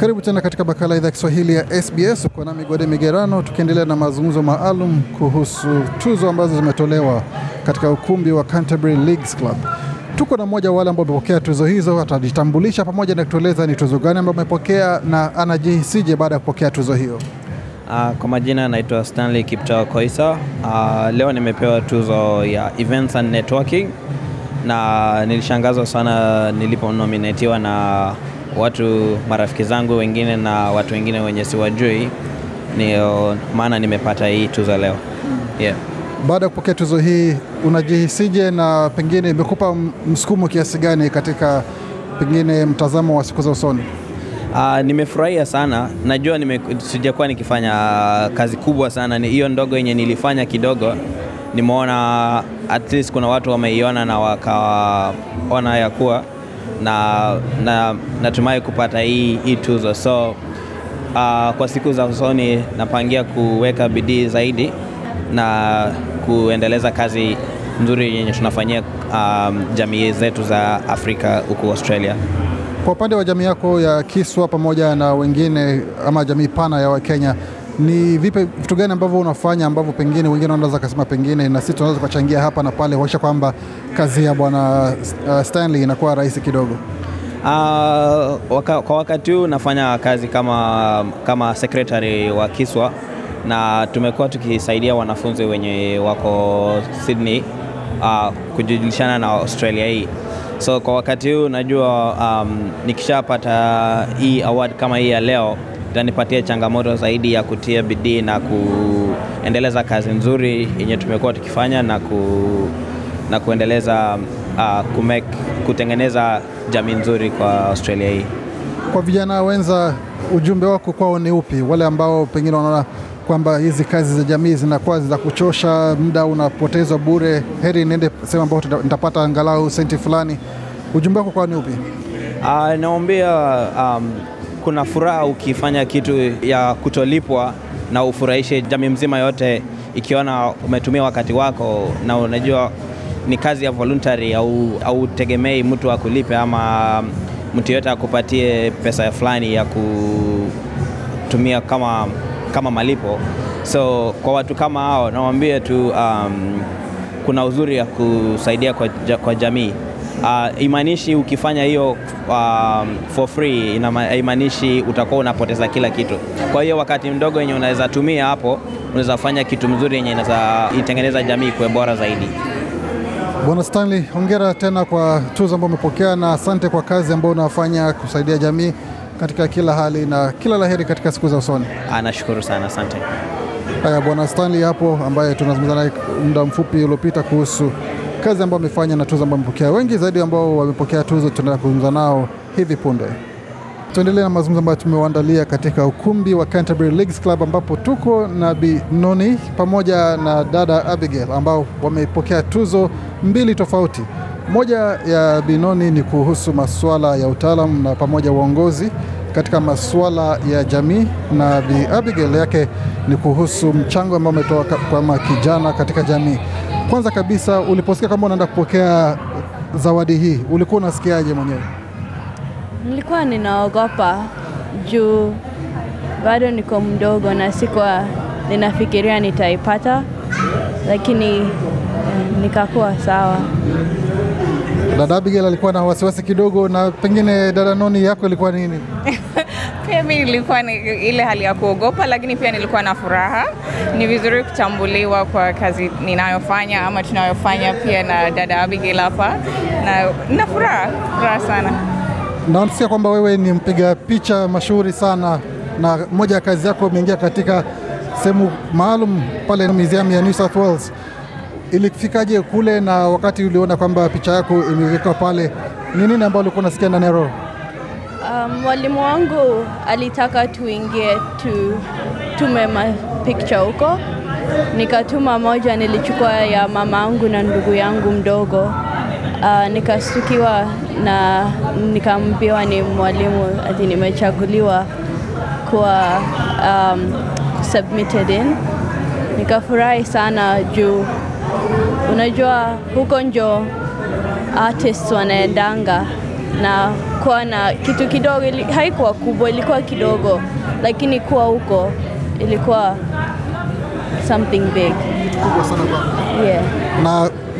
Karibu tena katika makala idhaa ya Kiswahili ya SBS. Uko nami Gode Migerano, tukiendelea na mazungumzo maalum kuhusu tuzo ambazo zimetolewa katika ukumbi wa Canterbury Leagues Club. Tuko na mmoja wa wale ambao wamepokea tuzo hizo, atajitambulisha pamoja na kutueleza ni tuzo gani ambayo amepokea na anajihisije baada ya kupokea tuzo hiyo. Uh, kwa majina naitwa Stanley Kiptoo Koisa. Uh, leo nimepewa tuzo ya Events and Networking na nilishangazwa sana niliponominatiwa na watu marafiki zangu wengine na watu wengine wenye siwajui, ndio eh, maana nimepata hii tuzo leo hmm. yeah. Baada ya kupokea tuzo hii unajihisije, na pengine imekupa msukumo kiasi gani katika pengine mtazamo wa siku za usoni? Uh, nimefurahia sana. Najua nime, sijakuwa nikifanya ah, kazi kubwa sana, hiyo ndogo yenye nilifanya kidogo, nimeona at least kuna watu wameiona na wakaona ya kuwa na, na natumai kupata hii, hii tuzo so uh, kwa siku za usoni napangia kuweka bidii zaidi na kuendeleza kazi nzuri yenye tunafanyia um, jamii zetu za Afrika huku Australia. Kwa upande wa jamii yako ya Kiswa pamoja na wengine ama jamii pana ya Wakenya ni vipi, vitu gani ambavyo unafanya ambavyo pengine wengine wanaweza kusema pengine na sisi tunaweza kuchangia hapa na pale kuhakikisha kwamba kazi ya bwana uh, Stanley inakuwa rahisi kidogo? Uh, waka, kwa wakati huu nafanya kazi kama, kama secretary wa Kiswa na tumekuwa tukisaidia wanafunzi wenye wako Sydney uh, kujulishana na Australia hii. So kwa wakati huu najua um, nikishapata hii award kama hii ya leo itanipatia changamoto zaidi ya kutia bidii na kuendeleza kazi nzuri yenye tumekuwa tukifanya na, ku, na kuendeleza uh, ah, kumek, kutengeneza jamii nzuri kwa Australia hii. Kwa vijana wenza, ujumbe wako kwao ni upi? Wale ambao pengine wanaona kwamba hizi kazi za jamii zinakuwa za kuchosha, muda unapotezwa bure, heri niende sehemu ambayo nitapata angalau senti fulani. Ujumbe wako kwao ni upi? Uh, ah, naombea um, kuna furaha ukifanya kitu ya kutolipwa na ufurahishe jamii mzima yote, ikiona umetumia wakati wako na unajua ni kazi ya voluntary au, au tegemei mtu akulipe ama mtu yote akupatie pesa fulani ya kutumia kama, kama malipo. So kwa watu kama hao nawaambia tu um, kuna uzuri ya kusaidia kwa, kwa jamii uh, imaanishi ukifanya hiyo uh, for free imaanishi utakuwa unapoteza kila kitu. Kwa hiyo wakati mdogo wenye unaweza tumia hapo, unaweza fanya kitu mzuri yenye itengeneza jamii kuwe bora zaidi. Bwana Stanley, hongera tena kwa tuzo ambayo umepokea na asante kwa kazi ambayo unafanya kusaidia jamii katika kila hali na kila laheri katika siku za usoni. Ah, nashukuru sana, asante. Haya, Bwana Stanley hapo ambaye tunazungumza naye muda mfupi uliopita kuhusu kazi ambayo amefanya na tuzo ambayo amepokea. Wengi zaidi ambao wamepokea tuzo tunaenda kuzungumza nao hivi punde. Tuendelee na mazungumzo ambayo tumewaandalia katika ukumbi wa Canterbury Leagues Club ambapo tuko na Bi Noni pamoja na dada Abigail ambao wamepokea tuzo mbili tofauti. Moja ya Bi Noni ni kuhusu masuala ya utaalamu na pamoja uongozi katika masuala ya jamii, na Bi Abigail yake ni kuhusu mchango ambao ametoa kama kijana katika jamii. Kwanza kabisa, uliposikia kama unaenda kupokea zawadi hii, ulikuwa unasikiaje mwenyewe? Nilikuwa ninaogopa juu bado niko mdogo na sikuwa ninafikiria nitaipata, lakini eh, nikakuwa sawa. Dada Abigail alikuwa na wasiwasi kidogo, na pengine dada Noni yako ilikuwa nini? yake mi ilikuwa ni ile hali ya kuogopa, lakini pia nilikuwa na furaha. Ni vizuri kutambuliwa kwa kazi ninayofanya ama tunayofanya, pia na dada Abigail hapa, na na furaha furaha sana. Namsikia kwamba wewe ni mpiga picha mashuhuri sana, na moja ya kazi yako umeingia katika sehemu maalum pale museum ya New South Wales. Ilifikaje kule, na wakati uliona kwamba picha yako imewekwa pale, ni nini ambao ulikuwa unasikia ndani ya roho? Um, mwalimu um, wangu alitaka tuingie tu, tume mapicha huko, nikatuma moja, nilichukua ya mama yangu na ndugu yangu mdogo. Uh, nikastukiwa na nikaambiwa ni mwalimu ati nimechaguliwa kuwa um, submitted in. Nikafurahi sana juu unajua huko njo artists wanaendanga na kuwa na kitu kidogo, haikuwa kubwa, ilikuwa kidogo, lakini kuwa huko ilikuwa something big kubwa sana kwa. Yeah.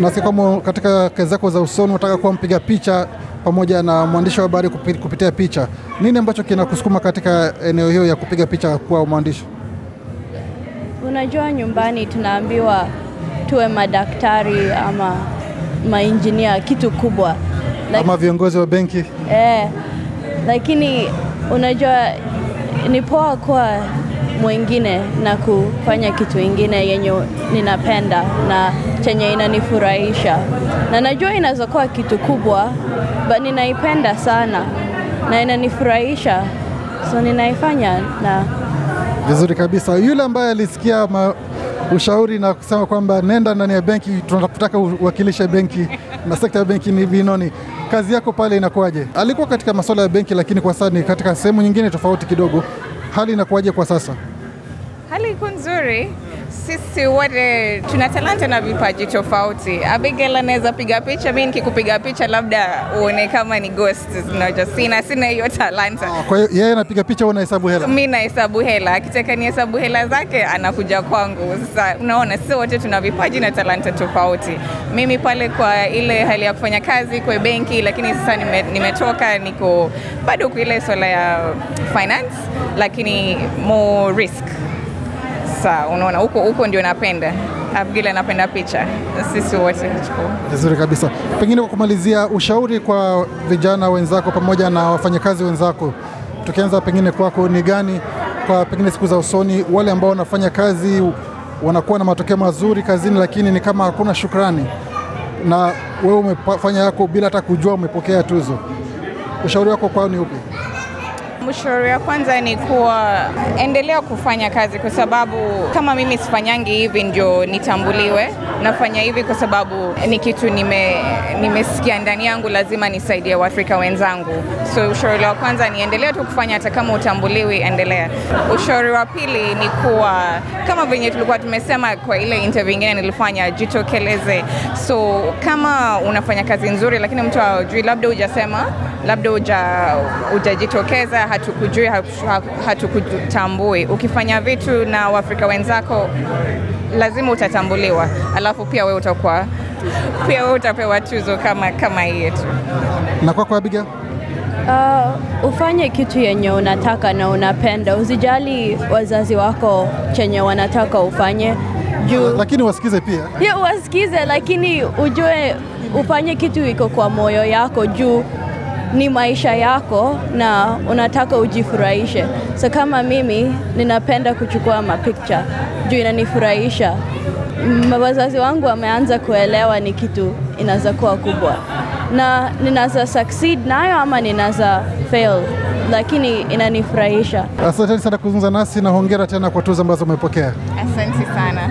Na si kama katika kazi zako za usoni unataka kuwa mpiga picha pamoja na mwandishi wa habari kupitia picha, nini ambacho kinakusukuma katika eneo hiyo ya kupiga picha kuwa mwandishi? Unajua, nyumbani tunaambiwa tuwe madaktari ama mainjinia, kitu kubwa ama viongozi wa benki eh, lakini unajua ni poa kwa mwingine na kufanya kitu ingine yenye ninapenda na chenye inanifurahisha, na najua inaweza kuwa kitu kubwa, but ninaipenda sana na inanifurahisha, so ninaifanya na vizuri kabisa. Yule ambaye alisikia ma ushauri na kusema kwamba nenda ndani ya benki, tunakutaka uwakilishe benki na sekta ya benki ni vinoni Kazi yako pale inakuwaje? Alikuwa katika masuala ya benki, lakini kwa sasa ni katika sehemu nyingine tofauti kidogo. Hali inakuwaje kwa sasa? Safari iko nzuri. Sisi wote tuna talanta na vipaji tofauti. Abigail anaweza piga picha, mimi nikikupiga picha labda uone kama ni ghost. Sina sina hiyo talanta. Ah, kwa hiyo yeye anapiga picha, unahesabu hela, mimi nahesabu hela. Akitaka hesabu hela zake anakuja kwangu. Sasa unaona, sisi wote tuna vipaji na talanta tofauti. Mimi pale kwa ile hali ya kufanya kazi kwa benki, lakini sasa nimetoka, nime niko bado kwa ile swala ya finance, lakini more risk sasa unaona huko huko ndio napenda Abgila, anapenda picha sisi wote. Vizuri kabisa. Pengine kwa kumalizia, ushauri kwa vijana wenzako pamoja na wafanyakazi wenzako, tukianza pengine kwako, ni gani kwa pengine siku za usoni, wale ambao wanafanya kazi wanakuwa na matokeo mazuri kazini, lakini ni kama hakuna shukrani, na wewe umefanya yako bila hata kujua umepokea tuzo, ushauri wako kwao ni upi? Mshauri wa kwanza ni kuwa endelea kufanya kazi, kwa sababu kama mimi sifanyangi hivi ndio nitambuliwe. Nafanya hivi kwa sababu ni kitu nimesikia ndani yangu, lazima nisaidie Waafrika wenzangu. So ushauri wa kwanza ni endelea tu kufanya, hata kama utambuliwi, endelea. Ushauri wa pili ni kuwa kama venye tulikuwa tumesema kwa ile interview nyingine nilifanya, jitokeleze. So kama unafanya kazi nzuri, lakini mtu hajui, labda hujasema labda ujajitokeza hatukujui, hatukutambui. Ukifanya vitu na Waafrika wenzako lazima utatambuliwa, alafu pia wewe utakuwa pia wewe utapewa tuzo kama kama hii yetu. Na kwako Abigail? Uh, ufanye kitu yenye unataka na unapenda, usijali wazazi wako chenye wanataka ufanye juu, lakini wasikize pia yeah, wasikize, lakini ujue ufanye kitu iko kwa moyo yako juu ni maisha yako na unataka ujifurahishe. So kama mimi ninapenda kuchukua mapicha juu inanifurahisha. Wazazi wangu wameanza kuelewa ni kitu inaweza kuwa kubwa na ninaza succeed nayo ama ninaza fail, lakini inanifurahisha. Asanteni sana kuzungumza nasi na hongera tena kwa tuzo ambazo umepokea. Asante sana.